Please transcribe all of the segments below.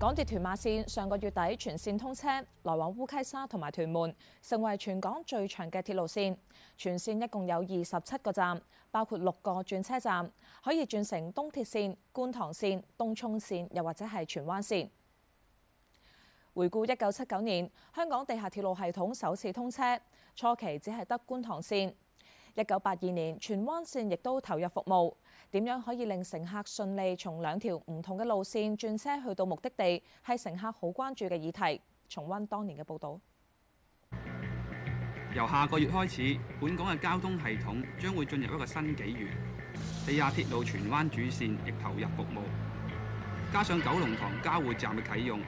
港鐵屯馬線上個月底全線通車，來往烏溪沙同埋屯門，成為全港最長嘅鐵路線。全線一共有二十七個站，包括六個轉車站，可以轉乘東鐵線、觀塘線、東涌線，又或者係荃灣線。回顧一九七九年，香港地下鐵路系統首次通車，初期只係得觀塘線。一九八二年，荃灣線亦都投入服務。點樣可以令乘客順利從兩條唔同嘅路線轉車去到目的地，係乘客好關注嘅議題。重溫當年嘅報導。由下個月開始，本港嘅交通系統將會進入一個新紀元。地下鐵路荃灣主線亦投入服務，加上九龍塘交匯站嘅啟用，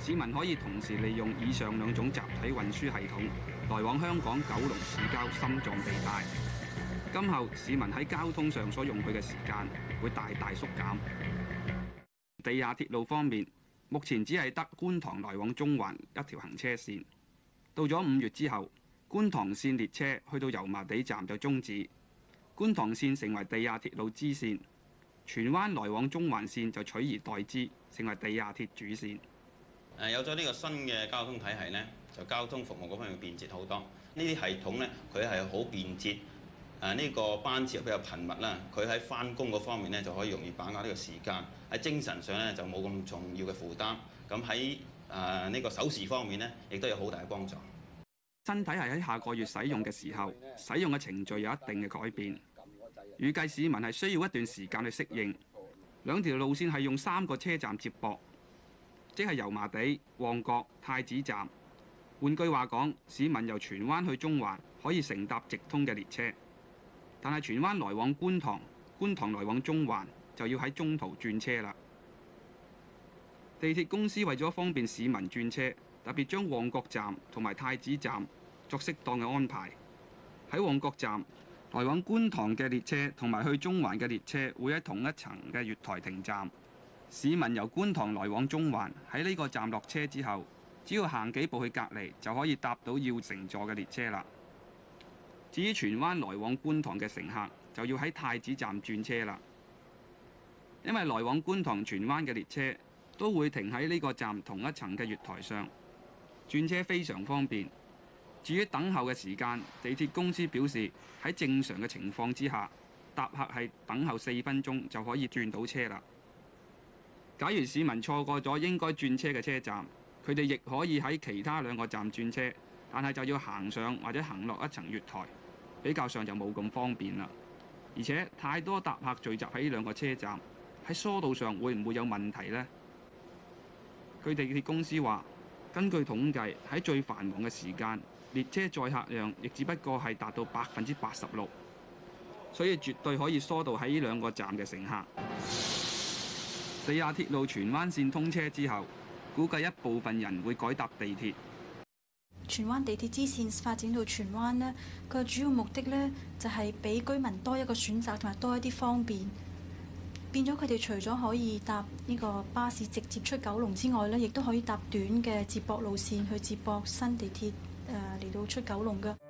市民可以同時利用以上兩種集體運輸系統，來往香港九龍市郊心臟地帶。今後市民喺交通上所用佢嘅時間會大大縮減。地下鐵路方面，目前只係得觀塘來往中環一條行車線。到咗五月之後，觀塘線列車去到油麻地站就終止，觀塘線成為地下鐵路支線，荃灣來往中環線就取而代之，成為地下鐵主線。誒，有咗呢個新嘅交通體系咧，就交通服務嗰方面便捷好多。呢啲系統咧，佢係好便捷。誒呢個班次比較頻密啦，佢喺返工嗰方面呢就可以容易把握呢個時間喺精神上呢就冇咁重要嘅負擔。咁喺誒呢個守時方面呢，亦都有好大嘅幫助。身體係喺下個月使用嘅時候，使用嘅程序有一定嘅改變。預計市民係需要一段時間去適應。兩條路線係用三個車站接駁，即係油麻地、旺角、太子站。換句話講，市民由荃灣去中環可以乘搭直通嘅列車。但係荃灣來往觀塘、觀塘來往中環就要喺中途轉車啦。地鐵公司為咗方便市民轉車，特別將旺角站同埋太子站作適當嘅安排。喺旺角站來往觀塘嘅列車同埋去中環嘅列車會喺同一層嘅月台停站。市民由觀塘來往中環喺呢個站落車之後，只要行幾步去隔離就可以搭到要乘坐嘅列車啦。至於荃灣來往觀塘嘅乘客，就要喺太子站轉車啦，因為來往觀塘、荃灣嘅列車都會停喺呢個站同一層嘅月台上，轉車非常方便。至於等候嘅時間，地鐵公司表示喺正常嘅情況之下，搭客係等候四分鐘就可以轉到車啦。假如市民錯過咗應該轉車嘅車站，佢哋亦可以喺其他兩個站轉車。但係就要行上或者行落一層月台，比較上就冇咁方便啦。而且太多搭客聚集喺呢兩個車站，喺疏導上會唔會有問題呢？佢地鐵公司話，根據統計喺最繁忙嘅時間，列車載客量亦只不過係達到百分之八十六，所以絕對可以疏導喺呢兩個站嘅乘客。地下鐵路荃灣線通車之後，估計一部分人會改搭地鐵。荃灣地鐵支線發展到荃灣呢，佢嘅主要目的呢就係俾居民多一個選擇同埋多一啲方便，變咗佢哋除咗可以搭呢個巴士直接出九龍之外，呢亦都可以搭短嘅接駁路線去接駁新地鐵誒嚟到出九龍㗎。